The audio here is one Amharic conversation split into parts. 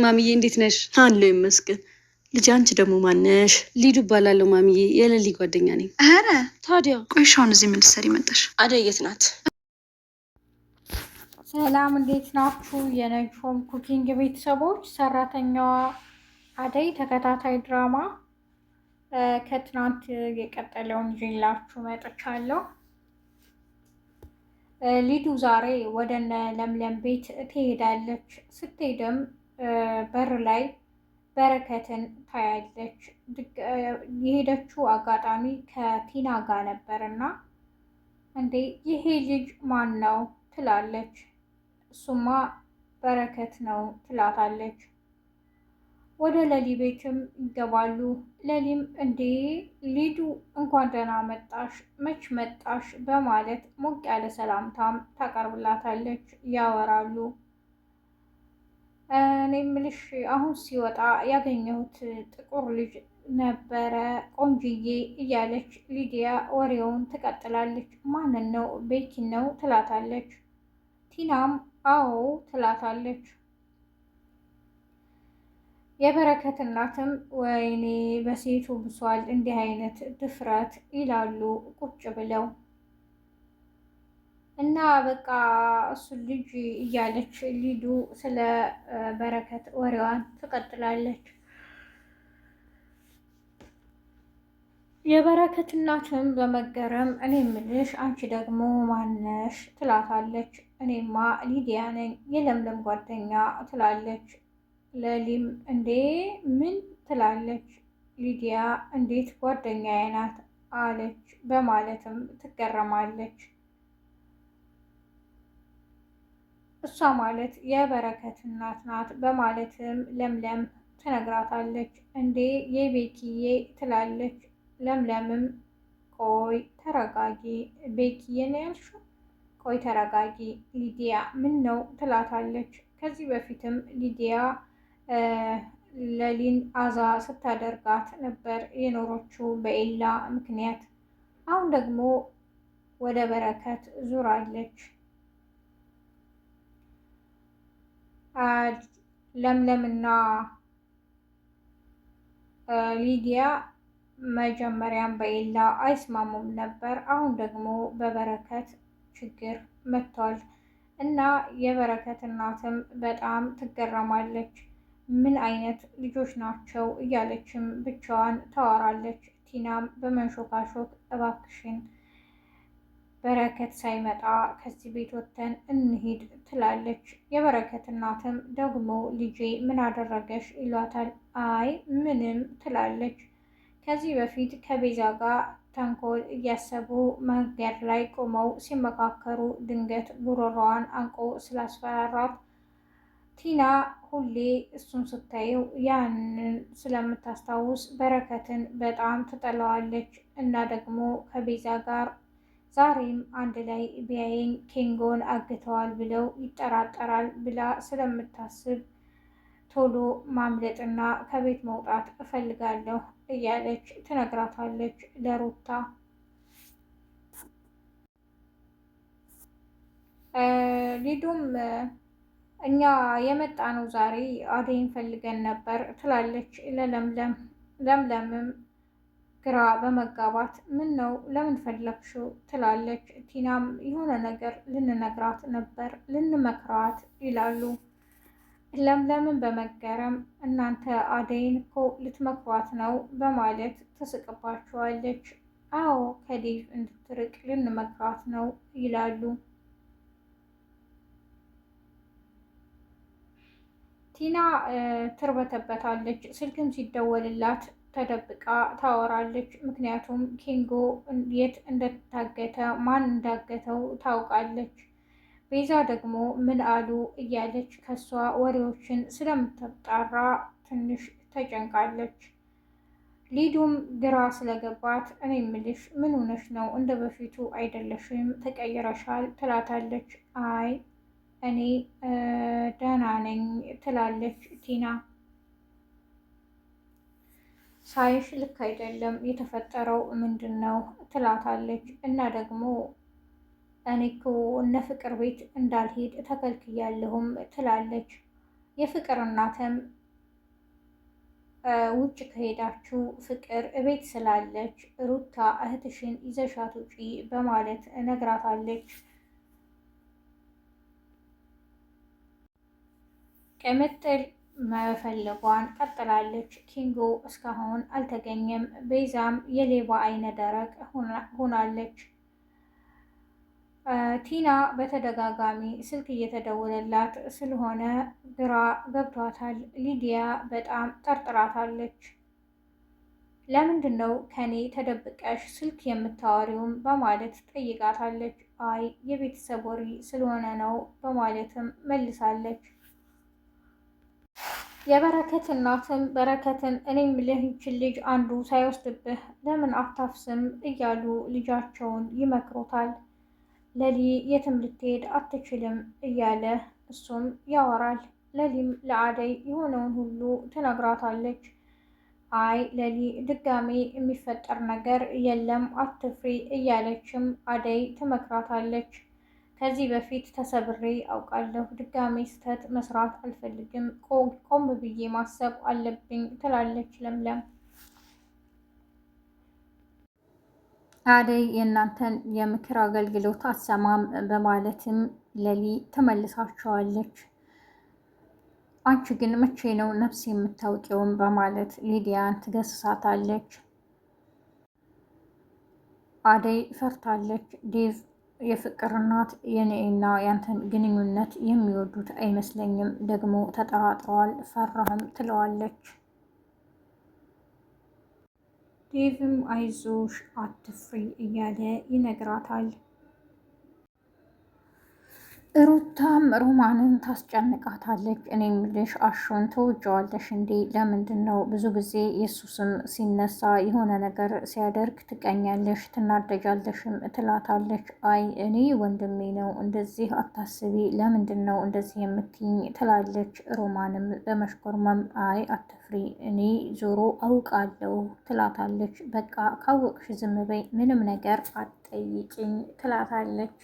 ማሚዬ እንዴት ነሽ? አለው ይመስገን። ልጅ አንቺ ደግሞ ማነሽ? ሊዱ እባላለሁ ማሚዬ፣ የለሊ ጓደኛ ነኝ። ኧረ ታዲያ ቆይሻውን እዚህ ምን ልትሰሪ መጣሽ? አደይ የት ናት? ሰላም እንዴት ናችሁ? የነሾም ኩኪንግ ቤተሰቦች፣ ሰራተኛዋ አደይ ተከታታይ ድራማ ከትናንት የቀጠለውን ይዤላችሁ መጥቻለሁ። ሊዱ ዛሬ ወደ ለምለም ቤት ትሄዳለች። ስትሄድም በር ላይ በረከትን ታያለች። የሄደችው አጋጣሚ ከቲና ጋር ነበር እና እንዴ ይሄ ልጅ ማን ነው ትላለች። እሱማ በረከት ነው ትላታለች። ወደ ለሊ ቤትም ይገባሉ። ለሊም እንዴ ሊዱ እንኳን ደህና መጣሽ፣ መች መጣሽ በማለት ሞቅ ያለ ሰላምታም ታቀርብላታለች። ያወራሉ። እኔ ልሽ አሁን ሲወጣ ያገኘሁት ጥቁር ልጅ ነበረ ቆንጅዬ እያለች ሊዲያ ወሬውን ትቀጥላለች። ማንን ነው? ቤኪን ነው ትላታለች። ቲናም አዎ ትላታለች። የበረከት እናትም ወይኔ በሴቱ ብሷል እንዲህ አይነት ድፍረት ይላሉ ቁጭ ብለው እና በቃ እሱ ልጅ እያለች ሊዱ ስለ በረከት ወሬዋን ትቀጥላለች። የበረከት እናትም በመገረም እኔ ምልሽ አንቺ ደግሞ ማነሽ ትላታለች። እኔማ ሊዲያ ነኝ የለምለም ጓደኛ ትላለች። ለሊም እንዴ ምን ትላለች። ሊዲያ እንዴት ጓደኛዬ ናት አለች በማለትም ትገረማለች። እሷ ማለት የበረከት እናት ናት በማለትም ለምለም ትነግራታለች። እንዴ የቤኪዬ ትላለች። ለምለምም ቆይ ተረጋጊ፣ ቤኪዬ ነው ያልሽው? ቆይ ተረጋጊ ሊዲያ፣ ምን ነው ትላታለች። ከዚህ በፊትም ሊዲያ ለሊን አዛ ስታደርጋት ነበር የኖሮቹ በኤላ ምክንያት። አሁን ደግሞ ወደ በረከት ዙራለች። ለምለምና ሊዲያ መጀመሪያም በኤላ አይስማሙም ነበር። አሁን ደግሞ በበረከት ችግር መጥቷል እና የበረከት እናትም በጣም ትገረማለች። ምን አይነት ልጆች ናቸው እያለችም ብቻዋን ታወራለች። ቲናም በመንሾካሾክ እባክሽን በረከት ሳይመጣ ከዚህ ቤት ወጥተን እንሂድ ትላለች። የበረከት እናትም ደግሞ ልጄ ምን አደረገሽ ይሏታል። አይ ምንም ትላለች። ከዚህ በፊት ከቤዛ ጋር ተንኮል እያሰቡ መንገድ ላይ ቆመው ሲመካከሩ ድንገት ጉሮሯዋን አንቆ ስላስፈራራት ቲና ሁሌ እሱን ስታየው ያንን ስለምታስታውስ በረከትን በጣም ትጠላዋለች እና ደግሞ ከቤዛ ጋር ዛሬም አንድ ላይ ቢያይን ኬንጎን አግተዋል ብለው ይጠራጠራል ብላ ስለምታስብ ቶሎ ማምለጥና ከቤት መውጣት እፈልጋለሁ እያለች ትነግራታለች ለሩታ። ሊዱም እኛ የመጣ ነው ዛሬ አደይን ፈልገን ነበር ትላለች ለለምለም ለምለምም ግራ በመጋባት ምን ነው ለምን ፈለግሽው? ትላለች። ቲናም የሆነ ነገር ልንነግራት ነበር ልንመክራት ይላሉ። ለምለምን በመገረም እናንተ አደይን እኮ ልትመክሯት ነው በማለት ትስቅባቸዋለች። አዎ ከዴቭ እንድትርቅ ልንመክራት ነው ይላሉ። ቲና ትርበተበታለች። ስልክም ሲደወልላት ተደብቃ ታወራለች። ምክንያቱም ኪንጎ የት እንደታገተ ማን እንዳገተው ታውቃለች። ቤዛ ደግሞ ምን አሉ እያለች ከሷ ወሬዎችን ስለምትጣራ ትንሽ ተጨንቃለች። ሊዱም ግራ ስለገባት እኔ ምልሽ ምን ሆነሽ ነው? እንደ በፊቱ አይደለሽም፣ ተቀይረሻል ትላታለች። አይ እኔ ደህና ነኝ ትላለች ቲና ሳይሽ ልክ አይደለም የተፈጠረው ምንድን ነው ትላታለች። እና ደግሞ እኔ እኮ እነ ፍቅር ቤት እንዳልሄድ ተከልክያለሁም ትላለች። የፍቅር እናትም ውጭ ከሄዳችሁ ፍቅር እቤት ስላለች ሩታ እህትሽን ይዘሻት ውጪ በማለት ነግራታለች። ቅምጥል መፈለጓን ቀጥላለች። ኪንጎ እስካሁን አልተገኘም። ቤዛም የሌባ አይነ ደረቅ ሆናለች። ቲና በተደጋጋሚ ስልክ እየተደወለላት ስለሆነ ግራ ገብቷታል። ሊዲያ በጣም ጠርጥራታለች። ለምንድን ነው ከኔ ተደብቀሽ ስልክ የምታወሪውም በማለት ጠይቃታለች። አይ የቤተሰብ ወሬ ስለሆነ ነው በማለትም መልሳለች። የበረከት እናትም በረከትን እኔ የምልህ ልጅ አንዱ ሳይወስድብህ ለምን አታፍስም እያሉ ልጃቸውን ይመክሮታል። ለሊ የትም ልትሄድ አትችልም እያለ እሱም ያወራል። ለሊም ለአደይ የሆነውን ሁሉ ትነግራታለች። አይ ለሊ ድጋሜ የሚፈጠር ነገር የለም አትፍሪ እያለችም አደይ ትመክራታለች። ከዚህ በፊት ተሰብሬ አውቃለሁ። ድጋሜ ስህተት መስራት አልፈልግም። ቆም ብዬ ማሰብ አለብኝ ትላለች ለምለም። አደይ የእናንተን የምክር አገልግሎት አሰማም በማለትም ለሊ ትመልሳቸዋለች። አንቺ ግን መቼ ነው ነፍስ የምታውቂውም በማለት ሊዲያን ትገስሳታለች። አደይ ፈርታለች። ዴቭ የፍቅር እናት የኔና ያንተን ግንኙነት የሚወዱት አይመስለኝም። ደግሞ ተጠራጥረዋል፣ ፈራህም ትለዋለች። ዴቭም አይዞሽ አትፍሪ እያለ ይነግራታል። ሩታም ሮማንን ታስጨንቃታለች። እኔ የምልሽ አሹን ተወጀዋለሽ እንዴ? ለምንድን ነው ብዙ ጊዜ የእሱ ስም ሲነሳ የሆነ ነገር ሲያደርግ ትቀኛለሽ፣ ትናደጃለሽም ትላታለች። አይ እኔ ወንድሜ ነው እንደዚህ አታስቢ፣ ለምንድን ነው እንደዚህ የምትይኝ? ትላለች። ሮማንም በመሽኮርመም አይ አትፍሪ፣ እኔ ዞሮ አውቃለሁ ትላታለች። በቃ ካወቅሽ ዝም በይ፣ ምንም ነገር አትጠይቂኝ ትላታለች።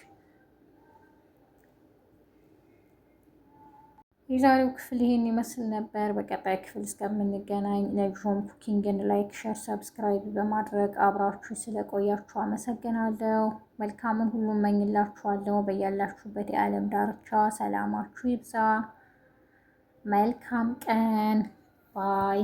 የዛሬው ክፍል ይህን ይመስል ነበር። በቀጣይ ክፍል እስከምንገናኝ ነጅሆም ኩኪንግን ላይክ፣ ሸር፣ ሰብስክራይብ በማድረግ አብራችሁ ስለቆያችሁ አመሰግናለሁ። መልካምን ሁሉ እመኝላችኋለሁ። በያላችሁበት የዓለም ዳርቻ ሰላማችሁ ይብዛ። መልካም ቀን ባይ